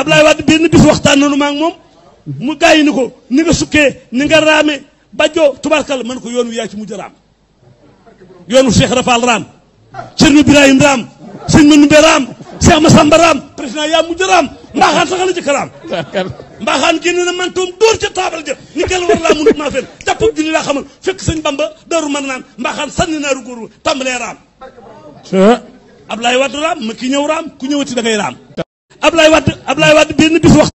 ablay wad benn bis waxtaan nanu maak mom mu gaayi ni nga sukke ni nga ramé badjo tubarkal man ko yonu ya ci mu jaram yonu cheikh rafal ram cheikh ibrahim raam sëñ manumbe ram cheikh masamba raam président yaa mujj raam mbaxaan saxal ci kalam na man tum dur ci table je ni kel war mu ma fen tapu gi ni la xamal fekk seigne bamba daru man ram ablay wad ram ma ki ñew ram ku ñewati da ngay Ablaye Wade Ablaye Wade benn bis wax